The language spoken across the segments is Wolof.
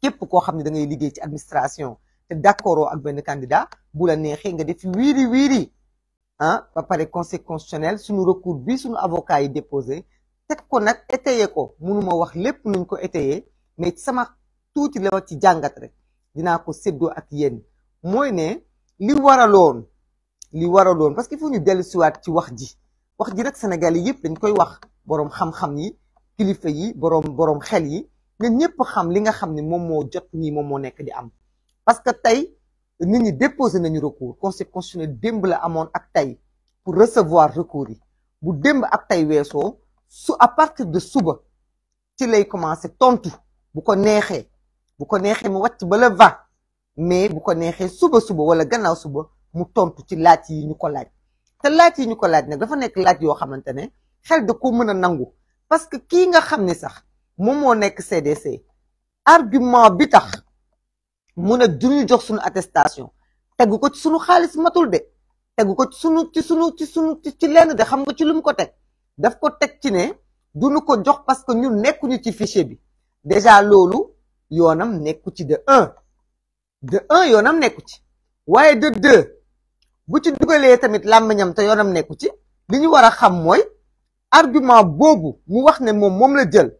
képp koo xam ne dangay liggéey ci administration te d'accord ak benn candidat bu la neexee nga def wiiri wiiri ah ba pare conseil constitutionnel suñu recours bi suñu avocat yi déposé teg ko nag étayé ko mënuma wax lépp nuñ ko étayé mais sama tuuti la wax ci jàngat rek dinaa ko séddoo ak yéen mooy ne li waraloon li waraloon parce que il ñu dellu siwaat ci wax ji wax ji nag Sénégal yi yëpp dañ koy wax boroom xam-xam yi kilifa yi boroom boroom xel yi nga ne moom moo jot nekk di parce que tey nit ñi déposé nañu recours constitutionnel démb la ak pour recevoir recours bu démb ak su à partir de suba ci lay commencé tontu bu ko neexee bu ko mu ba le va mais bu ko neexee suba suba wala gannaaw suba mu tontu ci laaj ñu ko laaj ñu ko laaj dafa nekk ne xel nangu parce que kii nga xam moom moo nekk CDC argument bi tax mu ne duñu jox suñu attestation tegu ko ci suñu xaalis matul de tegu ko ci sunu ci sunu ci sunu ci lenn de xam nga ci lu mu ko teg daf ko teg ci ne duñu ko jox parce que ñun nekkuñu ci fichier bi déjà loolu yoonam nekku ci de un de un yoonam nekku ci waaye de deux bu ci dugalee tamit làmmiñam te yoonam nekku ci li ñu war a xam mooy argument boobu mu wax ne moom moom la jël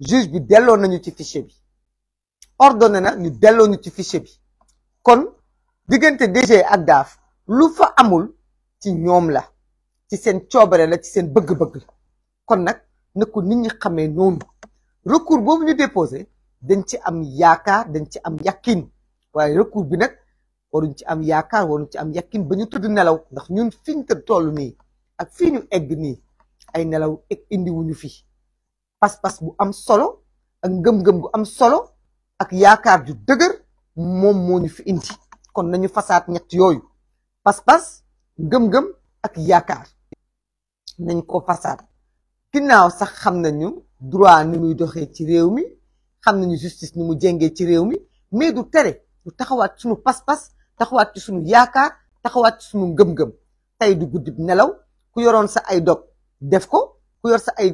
juge bi delloo nañu ci fichier bi ordonné na ñu delloo ñu ci fichier bi kon diggante DG ak DAF lu fa amul ci ñoom la ci seen coobare la ci seen bëgg-bëgg la kon nag na ni nit ñi xamee noonu recours boobu ñu déposé dañ ci am yaakaar dañ ci am yàkkin waaye recours bi nag waruñ ci am yaakaar waruñ ci am yàkkin ba ñu tëdd nelaw ndax ñun fiñ tëdd toll nii ak fii ñu egg nii ay nelaw egg indiwuñu fii pas-pas bu am solo ak ngëm-ngëm bu am solo ak yaakaar ju dëgër moom moo ñu fi indi kon nañu fasaat ñett yooyu pas-pas ngëm-ngëm ak yaakaar nañ ko fasaat ginnaaw sax xam nañu droit ni muy doxee ci réew mi xam nañu justice ni mu jengee ci réew mi mais du tere du taxawaat suñu pas-pas taxawaat ci suñu yaakaar taxawaat ci suñu ngëm-ngëm tey du guddi nelaw ku yoroon sa ay dog def ko ku yor sa ay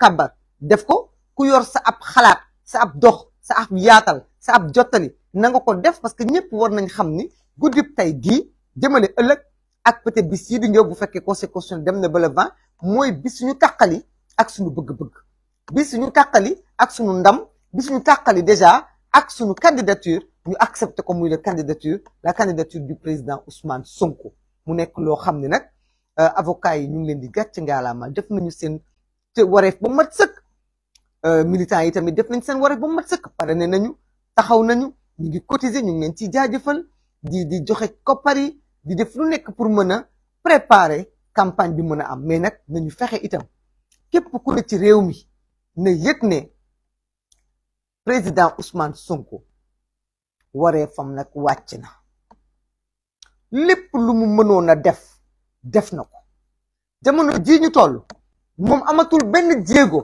kàmbar def ko ku yor sa ab xalaat sa ab dox sa ab yaatal sa ab jottali na nga ko def parce que ñëpp war nañ xam ni guddib tey gii jëmale ëllëg ak peut-être bis yi di ñëw bu fekkee conseil constitutionnel dem na ba le mooy bis suñu tàqali ak suñu bëgg-bëgg bis suñu tàqali ak suñu ndam bis suñu tàqali déjà ak suñu candidature ñu accepté ko muy la candidature la candidature du président Ousmane Sonko mu nekk loo xam ni nag euh, avocats yi ñu ngi leen di gàcce ngaalaama def nañu seen te wareef ba mat sëkk Euh, militants yi tamit def nañ seen wareef ba mu mat sëkk pare ne nañu taxaw nañu ñu ngi cotiser ñu ngi leen ciy di di joxe koppar yi di def lu nekk pour mën a préparer campagne bi mën a am mais nag nañu fexe itam képp ku ne ci réew mi na yëg ne président Ousmane Sonko waree fam nag wàcc na lépp lu mu mënoon a def def na ko jamono jii ñu toll moom amatul benn jéego.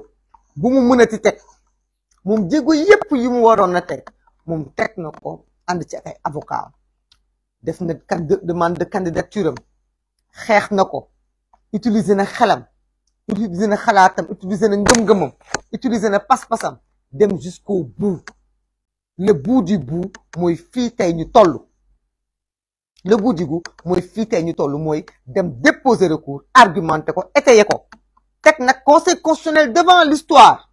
bu mu mënati teg moom jéego yépp yi mu waroon na teg moom teg na ko ànd ci ay avocat def na demande de candidature am xeex na ko utiliser na xelam utiliser na xalaatam utiliser na ngëm-ngëmam utiliser na pas-pasam dem jusqu'au bout le bout du mooy fii tey ñu toll le bout du bout mooy fii tey ñu toll mooy dem déposer recours argumenter ko étayer ko teg nag conseil constitutionnel devant l'histoire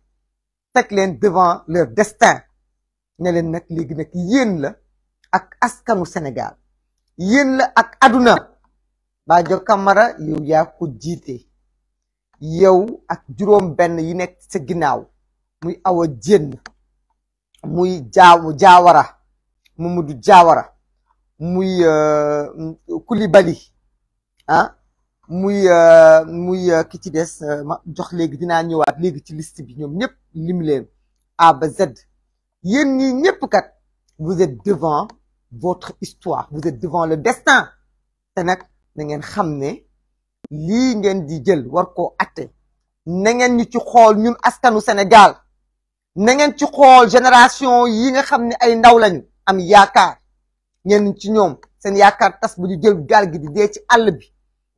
tek len devant leur destin ne leen nag léegi nag yéen la ak askanu Sénégal yeen la ak aduna Badio Camara yow ya ko jité yow ak juróom Ben yi nekk sa ginaaw muy Awa djenn muy jaaw jaawara Mamadou Jaawara muy euh, Koulibaly ah muy euh, muy euh, ki ci des euh, ma jox léegi dinaa ñëwaat léegi ci liste bi ñoom ñëpp lim leen A ba Z yéen ñii ñëpp kat vous êtes devant votre histoire vous êtes devant le destin te nag na ngeen xam ne lii ngeen di jël war ko atte na ngeen ñu ci xool ñun askanu Sénégal na ngeen ci xool génération yi nga xam ne ay ndaw lañu am yaakaar ngeen ci ñoom seen yaakaar tas bu ñu jël gaal gi di dee ci àll bi.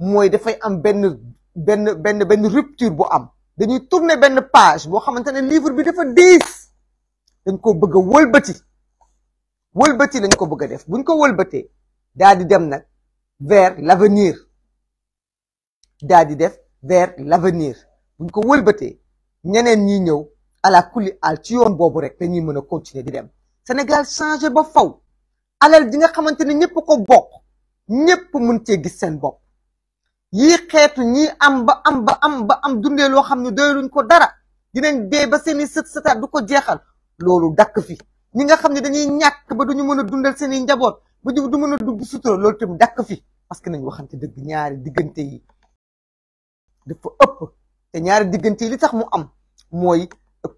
Moi, fay am ben ben ben rupture bu am dañuy tourner page livre bi dafa 10. dañ ko bëgg a lañ ko bëgg def buñ ko vers l'avenir a di def vers l'avenir buñ ko wëlbatee ñeneen ñi ñëw ala al ci yoon bobu rek continuer di dem changé ba faw alal nga xamantene ne ko bok ñepp mën gis yii xeetu ñi am ba am ba am ba am dundee loo xam ne doyaluñ ko dara dinañ dee ba seeni sët sëtaat du ko jeexal loolu dakk fi ñi nga xam ne dañuy ñàkk ba du ñu mën a dundal seeni njaboot ba du mën a dugg sutura loolu tamit dakk fi parce que nañ waxante dëgg ñaari diggante yi dafa ëpp te ñaari diggante yi li tax mu am mooy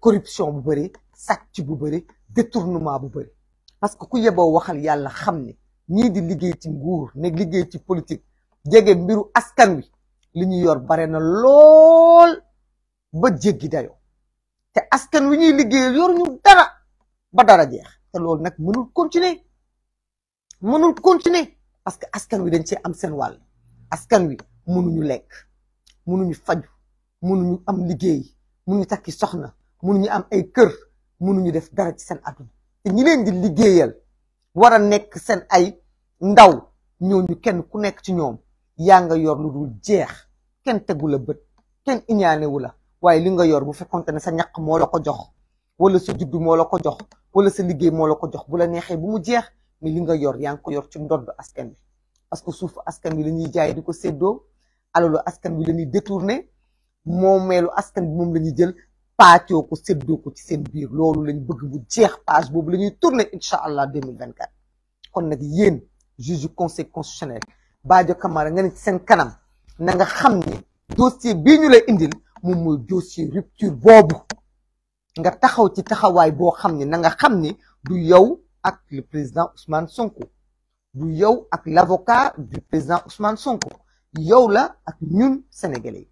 corruption bu bëri sàcc bu bëri détournement bu bëri parce que ku yeboo waxal yàlla xam ne ñii di liggéey ci nguur ne liggéey ci politique jege mbiru askan wi li ñu yor bare na lool ba jéggi dayoo te askan wi ñuy liggéeyal yor ñu dara ba dara jeex te loolu nag mënul continuer mënul continuer parce que askan wi dañ cee am seen wàll askan wi mënuñu lekk mënuñu faju mënuñu am liggéey mënuñu takki soxna mënuñu am ay kër mënuñu def dara ci seen àdduna te ñi leen di liggéeyal war a nekk seen ay ndaw ñooñu kenn ku nekk ci ñoom yaa nga yor lu dul jeex kenn tegu la bët kenn iñaanewu la waaye li nga yor bu fekkonte ne sa ñaq moo la ko jox wala sa juddu moo la ko jox wala sa liggéey moo la ko jox bu la neexee bu mu jeex mais li nga yor yaa ngi ko yor ci ndoor ndodd askan bi parce que suufu askan bi la ñuy jaay di ko séddoo alalu askan bi la ñuy détourné moomeelu askan bi moom la ñuy jël paacoo ko séddoo ko ci seen biir loolu lañ bëgg bu jeex page boobu la ñuy tourné incha allah 2024 kon nag yéen juge conseil constitutionnel Badio Camara nga ne ci seen kanam na nga xam ni dossier bi ñu la indil mu mooy dossier rupture boobu nga taxaw ci taxawaay boo xam ni na nga xam ni du yow ak le président Ousmane Sonko du yow ak l'avocat du président Ousmane Sonko yow la ak ñun sénégalais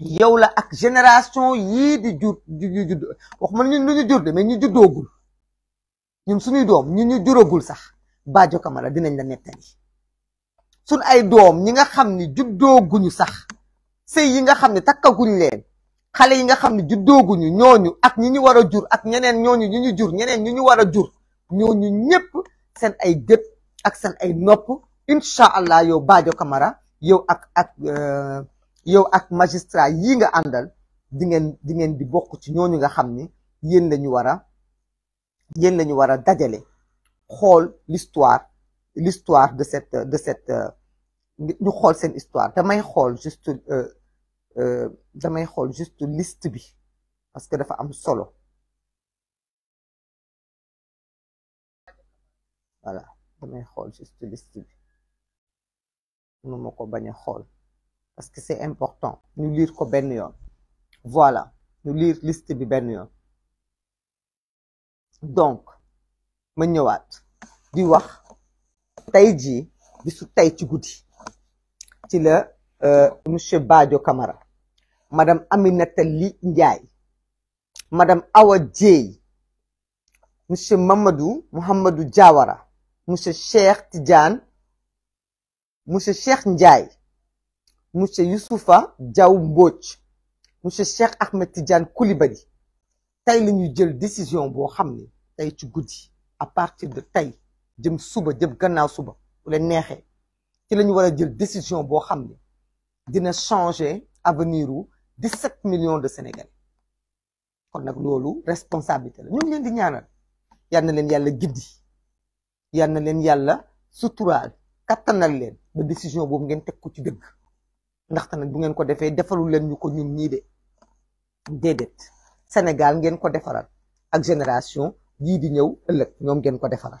yi yow la ak génération yii di jur di judd waxuma ñun lu ñu jur de mais ñu juddoogul ñun suñuy doom ñun ñu juróogul sax Badio Camara dinañ la nettali sun ay doom ñi nga xam ni juddooguñu sax sëy yi nga xam ne takkaguñ leen xale yi nga xam ne juddooguñu ñooñu ak ñi ñu war a jur ak ñeneen ñooñu ñu ñu jur ñeneen ñu ñu war a jur ñooñu ñépp seen ay gët ak seen ay nopp incha allah yow Badio Camara yow ak ak euh, yow ak magistrat yii nga àndal di ngeen di di bokk ci ñooñu nga xam ni yéen lañu war a yéen lañu war a dajale xool l'histoire l'histoire de cette de cette euh, ñu xool seen histoire damay xol juste euh, euh, damay xol juste liste bi parce que dafa am solo voilà damay xol juste liste bi nous ma baña xol parce que c'est important ñu lire ko ben yoon voilà ñu lire liste bi ben yoon donc ma ñëwaat di wax tey jii bisu tey ci guddi ci la euh, monsieur Badio Camara madame Aminata Ly Ndiaye madame Awa Dieye monsieur Mamadou Mouhamadou Diawara monsieur Cheikh Tidiane monsieur Cheikh Ndiaye monsieur Youssoufa Diaw Mbodj monsieur Cheikh Ahmed Tidiane Koulibaly tey la ñuy jël décision boo xam ne tey ci guddi à partir de tey jëm suba jëm gannaaw suba bu leen neexee ci lañu wara jël décision bo xamné dina changer avenir u 17 millions de Sénégalais kon nak lolu responsabilité la ñu ngi leen di ñaanal yalla na leen yàlla gindi yal na leen yàlla suturaal kattanal leen ba décision boobu ngeen teg ko ci ndax ndaxte nak bu ngeen ko défé defalul leen ñuko ñun ñi dé déedéet Sénégal ngeen ko défaral ak génération yi di ñew ëlëk ñom ngeen ko défaral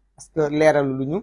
parce que leeralu lu ñu